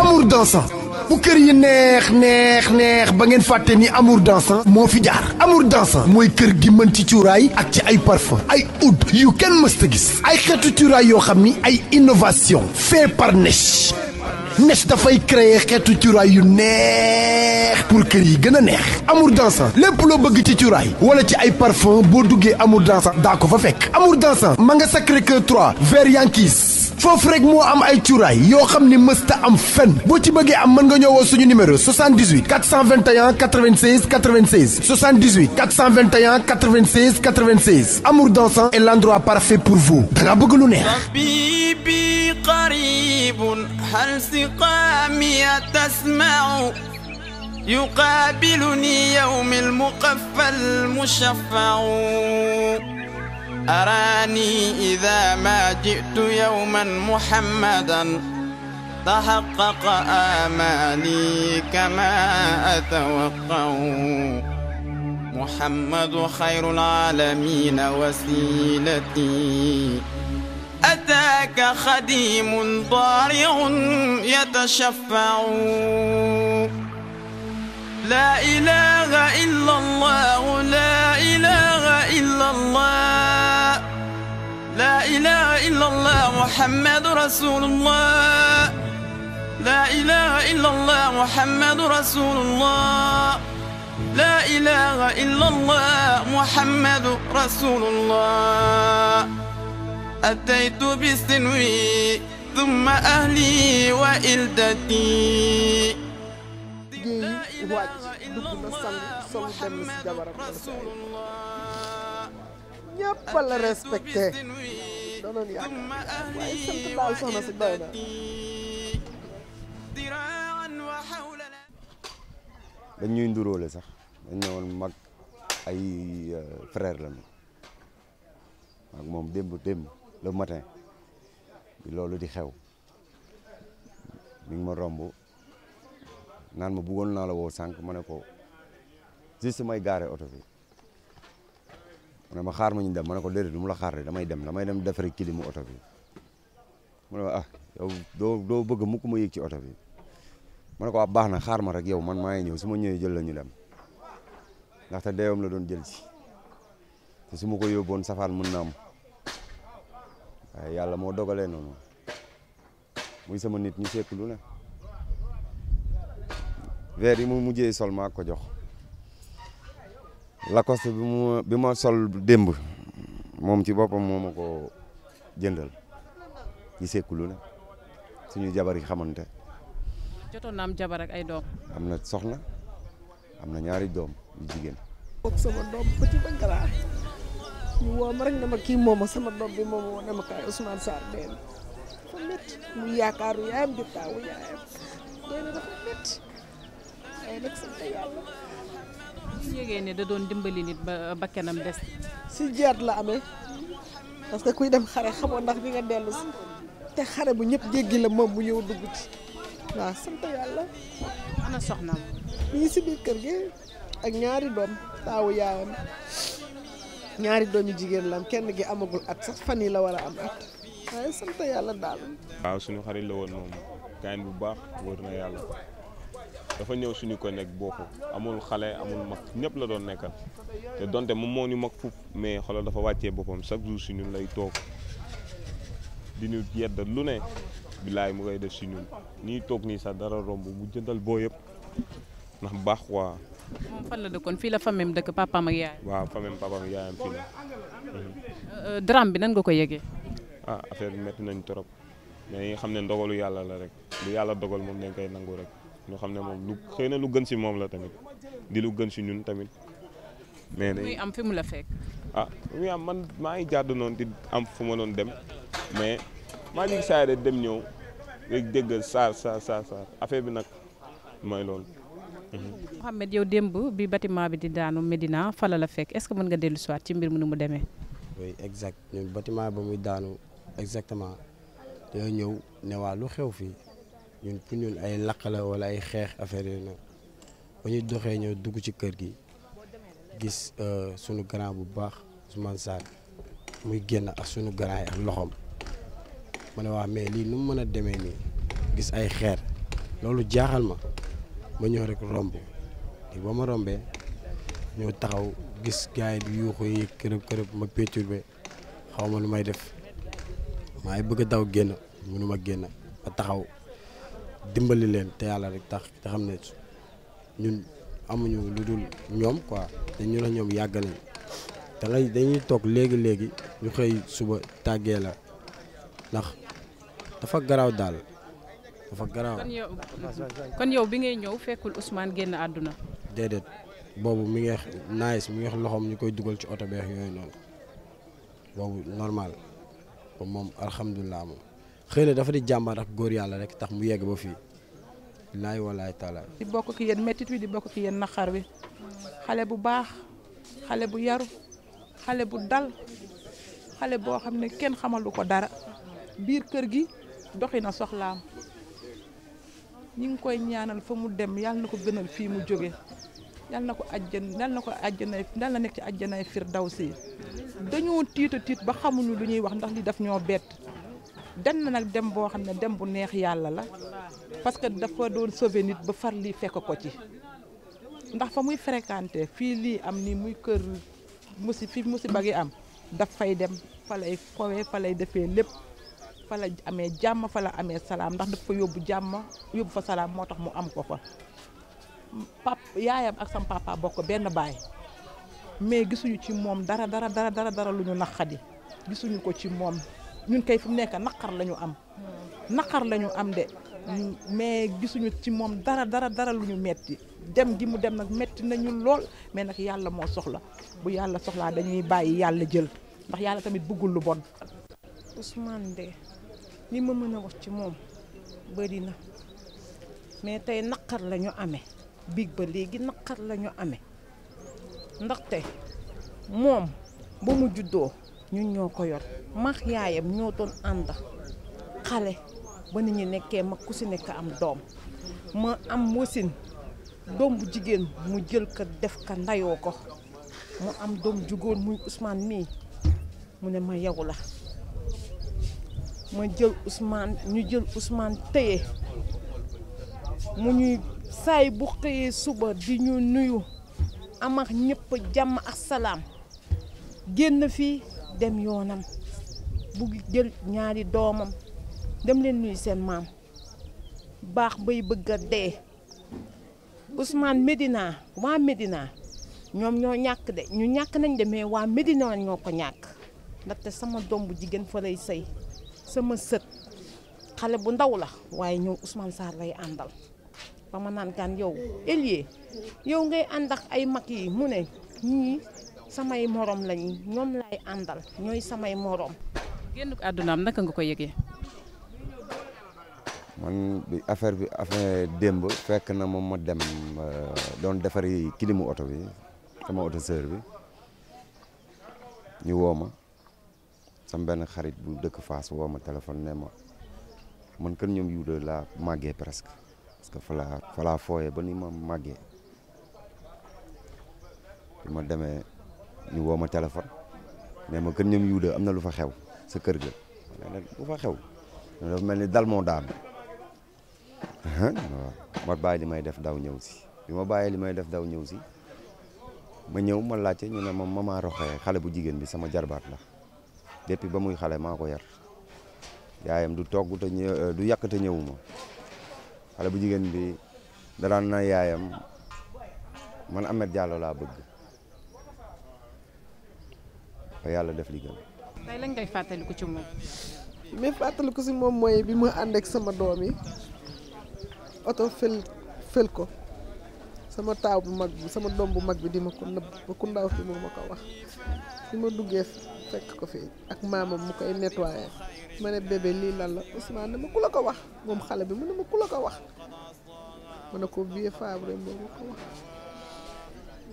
amour dansant bu kër yi neex neex neex ba ngeen fàtte ni amour dansant moo fi jaar amour dansant mooy kër gi mën ci cuuraay ak ci ay parfum ay oud yu kenn mësta gis ay xeetu cuuraay yoo xam ni ay innovation fait par Nech Nech dafay créer xeetu cuuraay yu neex pour kër yi gën a neex amour dansant lépp loo bëgg ci cuuraay wala ci ay parfum boo duggee amour dansant daa ko fa fekk amour dansant ma nga Sacré-Cœur 3 vers Yankees foofu rek moo am ay cuuraay yoo xam ni mësta am fenn boo ci bëggee am mën nga ñëwoo suñu numéro 78 421 96 96 78 421 96 96 Amour dansant est l'endroit parfait pour vous da nga bëgg lu neex حبيبي قريب هل سقامي تسمع يقابلني يوم المقفى المشفع أراني إذا ما جئت يوما محمدا تحقق آماني كما أتوقع محمد خير العالمين وسيلتي أتاك خديم ضارع يتشفع لا إله إلا الله لا إله إلا الله لا إله إلا الله محمد رسول الله لا إله إلا الله محمد رسول الله لا إله إلا الله محمد رسول الله أتيت بسنوي ثم أهلي وإلدتي لا إله إلا الله محمد رسول الله ñëpp la respecté doonoon yaakaar waaye sant daal soxna si doy na. dañ ñuy nduróole sax dañ ne woon mag ay euh, frère lañu ak moom démb démb le matin bi loolu di xew mi ma romb naan ma bëggoon naa la woo sànq ma ne ko juste may gaare oto bi. mu ne ma xaar ma ñu dem ma ne ko déedéet du mu la xaar de damay dem damay dem defaree kilimu oto mu ne ma ah yow doo doo bëgg mukk ma yëg ci oto bi ma ne ko ab ah, baax na xaar ma rek yow man maa ngi ñëw su ma ñëwee jël la ñu dem ndaxte deewam la doon jël si te su ma ko yóbboon safaan mën na am waaye yàlla moo dogalee noonu muy sama nit ñu sekk lu ne verre yi mu mujjee sol maa ko jox. Lacoste bi mu bi ma sol démb moom ci boppam moo ma ko jëndal ñu sekkulu la suñu jabar yi xamante. jotoon naam am jabar ak ay doom. am na soxna am na ñaari doom jigéen. boog sama doom petit moom sama doom bi moom moo ne ma kaay Ousmane Sarr dee na dafa métti mu yaakaaru yaayam di yaayam dee na dafa métti ay nag sant yàlla. su yëgee ne da doon dimbali nit ba bakkanam des. si jeet la amee parce que kuy dem xare xamoo ndax di nga dellu te xare bu ñëpp jéggi la moom bu ñëw dugg ci waaw sant yàlla. ana soxnaam. mi ngi si biir kër gi ak ñaari doom taawu yaayam ñaari doom yu jigéen la am kenn gi amagul at sax fan yi la war a am at waaye sant yàlla daal. waaw suñu xarit la woon moom gaañ bu baax wóor na yàlla. dafa ñëw suñu ko nekk bokku amul xale amul mag ñëpp la doon nekkal te donte moom moo ñu mag fuuf mais xoolal dafa wàccee boppam chaque jour si ñun lay toog di ñu yedd lu ne bilaay mu koy def si ñun ñuy toog nii sax dara romb mu jëndal boo yëpp ndax baax waa moom fan la dëkkoon fii la famem dëkk papaam ak yaayam. waaw famem papaam ak yaayam fii la. Euh, euh, drame bi nan nga ko yëgee. ah affaire bi métti nañ trop mais yi nga xam ne ndogalu yàlla la rek lu yàlla dogal moom dañ koy nangu rek. ñu xam ne moom lu xëy na lu gën si moom la tamit di lu gën si ñun tamit. mais muy am fi mu la fekk. ah muy am man maa ngi jàdd noonu di am fu ma doon dem mais maa ngi saa de dem ñëw rek dégg saar saar saar affaire bi nag mooy loolu. Mhm. Mouhamed yow démb bi bâtiment bi di daanu Medina fala la fekk est-ce que mën nga dellu siwaat ci mbir mu nu mu demee. oui exact ñun bâtiment ba muy daanu exactement dañoo ñëw ne waa lu xew fii. ñun pour ñun ay lakk la wala ay xeex affaire yooyu noonu ba ñu doxee ñëw dugg ci kër gi gis euh, sunu grand bu baax Ousmane saak muy génn ak sunu grand yi ak loxoom ma ne waa mais lii nu mu mën a demee nii gis ay xeer loolu jaaxal ma ma ñëw rek romb te ba ma rombee ñoo taxaw gis gars yi di yuuxu yi kërëb kërëb ma perturbé xaw ma nu may def maay bëgg a daw génn mënu ma génn ma taxaw. dimbali leen te yàlla rek tax te xam ne ñun amuñu lu dul ñoom quoi te ñu la ñoom yàgg nañ da dañuy toog léegi léegi ñu xëy suba tàggee la ndax dafa garaaw daal dafa garaaw. kon yow bi ngay ñëw fekkul Ousmane génn àdduna. déedéet boobu mi ngi wax naaj mi loxoom ñu koy dugal ci oto beex yooyu noonu boobu normal moom alhamdulilah moom. xëy na dafa di jàmbaar ak góor yàlla rek tax mu yegg ba fii laay walaay taala di bokk ki yéen métit wi di bokk ki yenn naqar wi xale bu baax xale bu yaru xale bu dal xale boo xam ne kenn xamalu ko dara biir kër gi doxi na soxlaam ñu ngi koy ñaanal fa mu dem yàlla na ko gënal fii mu jóge yàlla na ko àjjan yàlla na ko àjjanay yàlla na nekk ci àjjanay firdawsi dañoo tiita tiit ba xamuñu lu ñuy wax ndax li daf ñoo bett dan na nag dem boo xam ne dem bu neex yàlla la parce que dafa doon sauver ba far lii fekk ko ci ndax fa muy fréquenté fii lii am ni muy kër musi fi musi bagi am daf fay dem fa lay fowee fa lay defee lépp fa la amee jàmm fa la amee salaam ndax dafa yóbbu jàmm yóbbu fa salaam moo tax mu am ko fa pap yaayam ak sam papa bokk benn baay mais gisuñu ci moom dara dara dara dara dara lu ñu naqadi gisuñu ko ci moom ñun kay fu mu nekk naqar la ñu am naqar la am de mais gisuñu ci moom dara dara dara lu ñu metti dem gi mu dem nag metti nañu lool mais nag yàlla moo soxla bu yàlla soxlaa dañuy bàyyi yàlla jël ndax yàlla tamit bëggul lu bon Ousmane de li ma mën a wax ci moom bëri na mais tey naqar lañu ñu amee biig ba léegi naqar la ñu amee ndaxte moom ba mu juddoo ñu ñoo ko yor max yaayam ñoo doon ànd xale ba ni ñu nekkee mag ku ci nekk am doom ma am wasin doom bu jigéen mu jël ko def ko ndayoo ko mu am doom ju góor muy Ousmane mii mu ne ma yow la ma jël usmaan ñu jël Ousmane téye mu ñuy saay bu xëyee suba di ñu nuyu amax ñépp jàmm ak salaam génn fii dem yoonam bu jël ñaari doomam dem leen nuyu seen maam baax bay bëgg a dee usmaan Medina waa Medina ñoom ñoo ñàkk de ñu ñàkk nañ de mais waa Medina ñoo ko ñàkk ndaxte sama doom bu jigéen fa lay sëy sama sët xale bu ndaw la waaye ñoom Ousmane Sarr lay àndal ba ma naan kaan yow Elie yow ngay ànd ay mag yi mu ne ñii samay moroom lañu ñoom laay àndal ñooy samay morom. génn ko àddunaam naka nga ko yëgee. man bi affaire bi affaire démb fekk na moom ma dem euh, doon defari kilimu oto bi sama oto sœur bi ñu woo ma sama benn xarit bu dëkk Fass woo ma téléphone ne ma man kër ñoom yuuda laa màggee presque parce que fa laa fooyee ba ni ma màggee bi ma demee ñu woo ma téléphone nee ma kër ñoom yuuda am na lu fa xew sa kër ga lu fa xew mel ni dal moo daan waaw ma bàyyi li may def daw ñëw si bi ma bàyyee li may def daw ñëw si ma ñëw ma laajte ñu ma mama roxee xale bu jigéen bi sama jarbaat la depuis ba muy xale maa ko yar yaayam du togg te ñëw euh, du yàq te ñëwuma xale bu jigéen bi da daan yaayam man Ahmed Diallo laa bëgg ba yàlla def li gën. tey fàttaliku ci moom. mais fàttaliku si moom mooy bi mu ànd ak sama doom yi oto fël fël ko sama taaw bu mag bi sama doom bu mag bi di ma ko nëbb ba ku ndaw fi mu ma ko wax bi ma duggee fekk ko fi ak maamam mu koy nettoyé ma ne bébé lii lan la Ousmane ne ku la ko wax moom xale bi mu ne ma ku la ko wax ma ne ko Vieux Fabre moo ma ko wax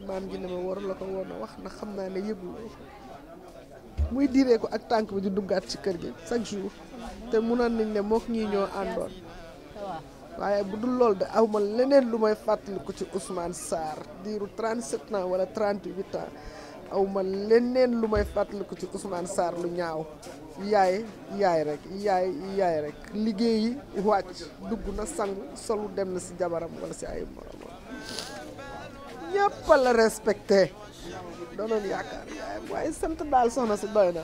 maam ji ne ma waru la ko woon wax ndax xam naa ne yëguloo ko muy diiree ko ak tànk bi di duggaat ci kër gi chaque jour te munoon nañ ne mook ñii ñoo àndoon waaye bu dul loolu de aw ma leneen lu may fàttali ko ci Ousmane Sarr diiru 37 wala 38 ans aw ma leneen lu may fàttali ko ci Ousmane Sarr lu ñaaw yaay yaay rek yaay yaay rekk liggéeyi wàcc dugg na sangu solu dem na ci jabaram walla si ay moromam ñëpp la respecté doonoon yaakaar yaayam waaye sant daal soxna si doy na.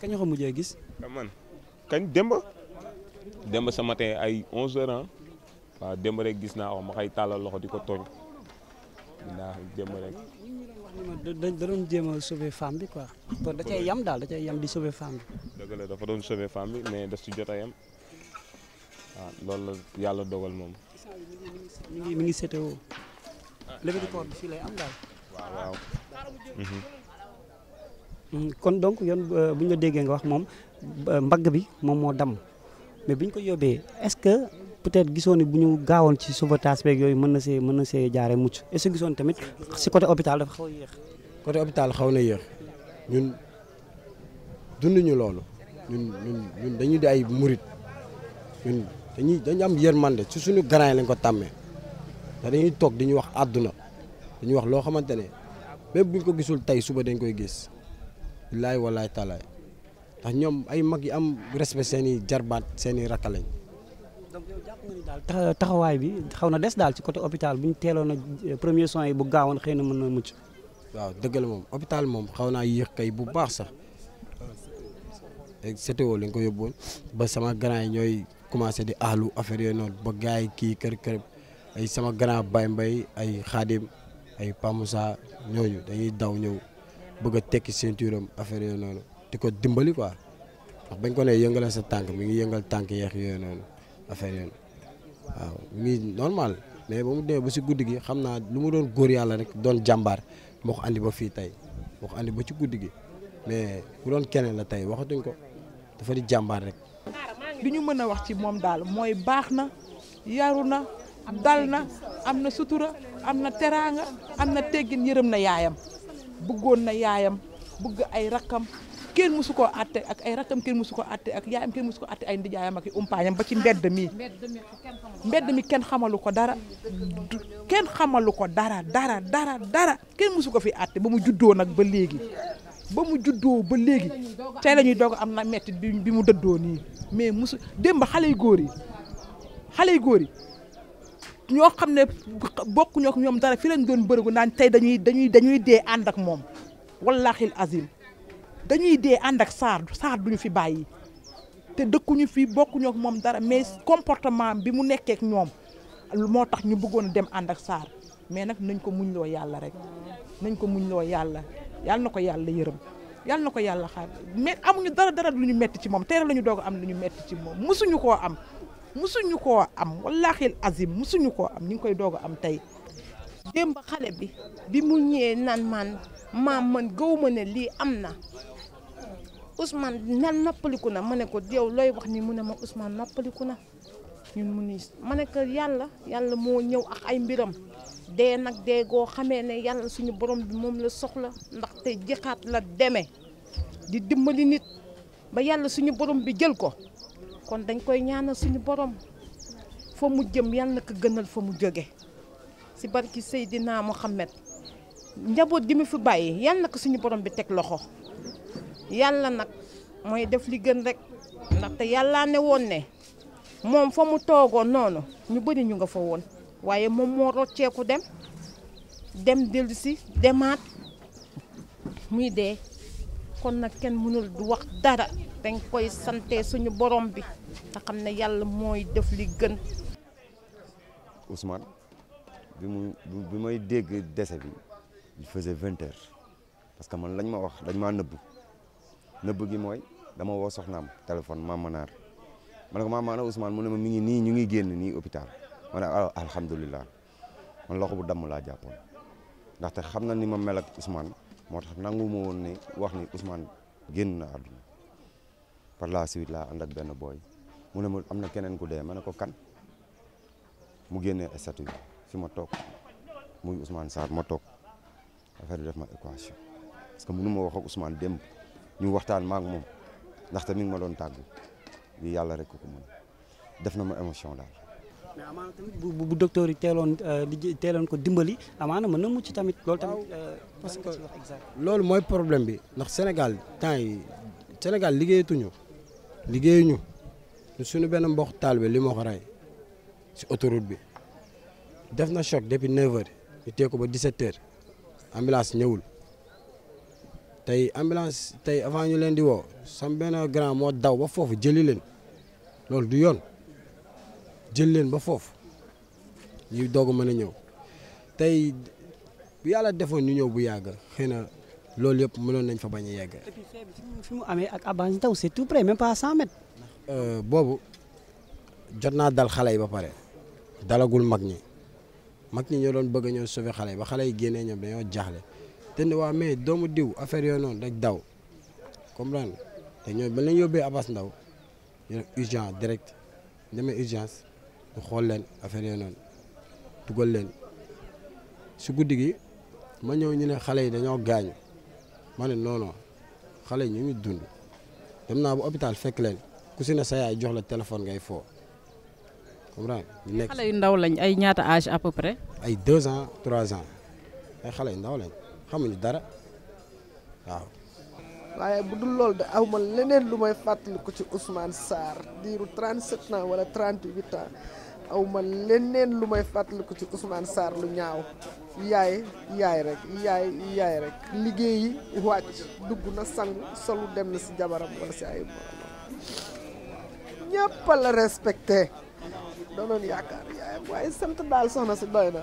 kañ nga ko mujjee gis. Ah, kañ démb. démb sa matin ay 11h ah. waaw démb rek gis naa wax ma xay tàllal loxo di ko tooñ. ndax démb rek. da doon jéem a sauver femme bi quoi. da cay yam daal da cay yam di sauver femme bi. dëgg la dafa doon sauver femme bi mais daf si jot a yam waaw ah, loolu la yàlla dogal moom. mi ngi mi ngi levée du corps bi mhm. mm, kon donc yoon euh, bu ñu la déggee nga wax moom mbagg bi moom moo dam mais bi ñu ko yóbbee est-ce que peut-être gisoon ni bu ñu gaawoon ci sauvetage beeg yooyu mën na see mën na see jaaree mucc est gisoon tamit si côté hôpital dafa xaw yéex. côté hôpital xaw na yéex ñun dunduñu loolu ñun ñun ñun dañu di ay murit ñun dañuy dañu am yërmande ci suñu grand yi lañ ko tàmmee. dañuy toog di ñu wax àdduna dañuy wax loo xamante ne même buñ ko gisul tey suba dañ koy gis laay walaay talaay ndax ñoom ay mag yi am respect seen i jarbaat seen i rakkalañ. donc yow taxawaay bi xaw na des daal ci côté hôpital bu ñu teeloon a euh, premier soins yi bu gaawoon xëy na mën na mucc. waaw dëgg la moom hôpital moom xaw naa yéex kay bu baax sax CTO lañ ko yóbbuwoon ba sama grand yi ñooy commencé di aalu affaire yooyu noonu ba gars yi kii kër kër. ay sama grand Baye Mbaye ay Xaadim ay Pamoussa ñooñu dañuy daw ñëw bëgg a tekki ceinture am affaire yooyu noonu di ko dimbali ko ndax bañ ko nee yëngala sa tànk mi ngi yëngal tànk yeex yooyu noonu affaire yooyu waaw mi normal mais ba mu demee ba si guddi gi xam naa lu mu doon góor yàlla rek doon jàmbaar moo ko andi ba fii tey moo ko andi ba ci guddi gi mais bu doon keneen la tey waxatuñ ko dafa di jàmbaar rek. li ñu mën a wax ci moom daal mooy baax na yaru na. dal na am na sutura am na teraanga am na teggin yërëm na yaayam bëggoon na yaayam bëgg ay rakkam kenn musu koo àtte ak ay rakkam kenn musu ko àtte ak yaayam kenn mësu ko àtte ay ndijaayam ak i umpaañam ba ci mbedd mi mbedd mi kenn xamalu ko dara kenn xamalu ko dara dara dara dara kenn mësu ko fi àtte ba mu juddoo nag ba léegi ba mu juddoo ba léegi tey la ñuy doog am na metti bi mu dëddoo nii mais mësu démb xale yu góor yi xale yu góor yi ñoo xam ne bokkuñook ñoom dara fi lañ doon bërëgu naan tey dañuy dañuy dañuy dee ànd ak moom wallaahi azim dañuy dee ànd ak saar saar duñu fi bàyyi te dëkkuñu fi bokkuñook moom dara mais comportement bi mu nekkee ak ñoom moo tax ñu bëggoon dem ànd ak saar mais nag nañ ko muñ loo yàlla rek nañ ko muñ loo yàlla yàlla na ko yàlla yërëm yàlla na ko yàlla xaar mais amuñu dara dara lu ñu metti ci moom teel la ñu doog am lu ñu metti ci moom musuñu koo am musuñu koo am wallaahi azim mësuñu koo am ñu koy doog am tey démb xale bi bi mu ñëwee nan man maam man gëw ma ne lii am na Ousmane nan noppaliku na ma ne ko yow looy wax ni mu ne ma Ousmane noppaliku na ñun mu ni ma ne ko yàlla yàlla moo ñëw ak ay mbiram dee nag dee goo xamee ne yàlla suñu borom bi moom la soxla ndax te jixaat la deme di dimbali nit ba yàlla suñu borom bi jël ko kon dañ koy ñaanal suñu borom fa mu jëm yal na ko gënal fa mu jóge si barki Seydina Mohamed njaboot gi mu fi bàyyi yal na ko suñu borom bi teg loxo yàlla nag mooy def li gën rekk ndaxte yàlla ne woon ne moom fa mu toogoon noonu ñu bëri ñu nga fa woon waaye moom moo rocceeku dem dem dellu si demaat muy dee kon nag kenn mënul du wax dara dañ koy sante suñu borom bi te xam ne yàlla mooy def li gën. Ousmane bi mu bi may dégg décès bi il faisait vingt parce que man lañ ma wax dañ maa nëbb nëbb gi mooy dama woo soxnaam téléphone maam Manaar ma ne ko maam Manaar Ousmane mu ne ma mi ngi nii ñu ngi génn nii hôpital ma ne ah, alhamdulilah man loxo bu damm laa jàppoon ndaxte xam na ni ma mel ak Ousmane. moo tax nangu ma woon ni wax ni Ousmane génn na àdduna par la suite laa ànd ak benn booy mu ne ma am na keneen ku dee ma ne ko kan mu génnee statut bi fi ma toog muy usmaan Sarr ma toog affaire bi def ma équation parce que mënu ma wax ak Ousmane démb ñu waxtaan maak moom ndaxte mi ngi ma doon tàggu lii yàlla rek ko ko def na ma émotion daal. mais amaana tamit bu bu docteur yi teeloon euh, di teeloon ko dimbali amaana mën na mucc tamit. loolu tamit euh, parce que loolu mooy problème bi ndax Sénégal temps yi Sénégal liggéeyatuñu liggéeyuñu sunu benn mbokk taal bi li ma si autoroute bi def na choc depuis 9h ñu teg ko ba 17h ambulance ñëwul tey ambulance tey avant ñu leen di woo sam benn grand moo daw ba foofu jëli leen loolu du yoon. jël leen ba foofu ñuy doog mën a ñëw tey bu yàlla defoon ñu ñëw bu yàgg xëy na loolu yëpp mënoon nañ fa bañ a yegg. fi mu amee ak Abane Ndao c'est tout près pas 100 mètres. Euh, boobu jot naa dal xale yi ba pare dalagul mag ñi mag ñi ñoo doon bëgg a ñëw sauver xale yi ba xale yi génnee ñoom dañoo jaaxle te ne waa mais doomu diw affaire yooyu noonu rek daw comprendre te ñoo ba lañ yóbbee Abane ndaw ñu direct demee urgence ñu xool leen affaire yooyu noonu dugal leen su guddi gi ma ñëw ñu ne xale yi dañoo gaañu ma ne non xale yi ñu ngi dund dem naa bu hôpital fekk leen ku si ne sa yaay jox la téléphone ngay foo comprendre ñu nekk xale yu ndaw lañ ay ñaata âge à peu près. ay deux ans trois ans ay xale yu ndaw lañ xamuñu dara waaw. waaye bu dul loolu de aw leneen lu may fàttaliku ci Ousmane Sarr diiru 37 ans wala 38 ans. aw ma leneen lu may fàttaliku ci Ousmane saar lu ñaaw yaay yaay rek yaay yaay rek liggéeyi wàcc dugg na sangu solu dem na si jabaram wala si ay moromam ñëpp la respecté doonoon yaakaar yaay waaye sant daal soxna si doy na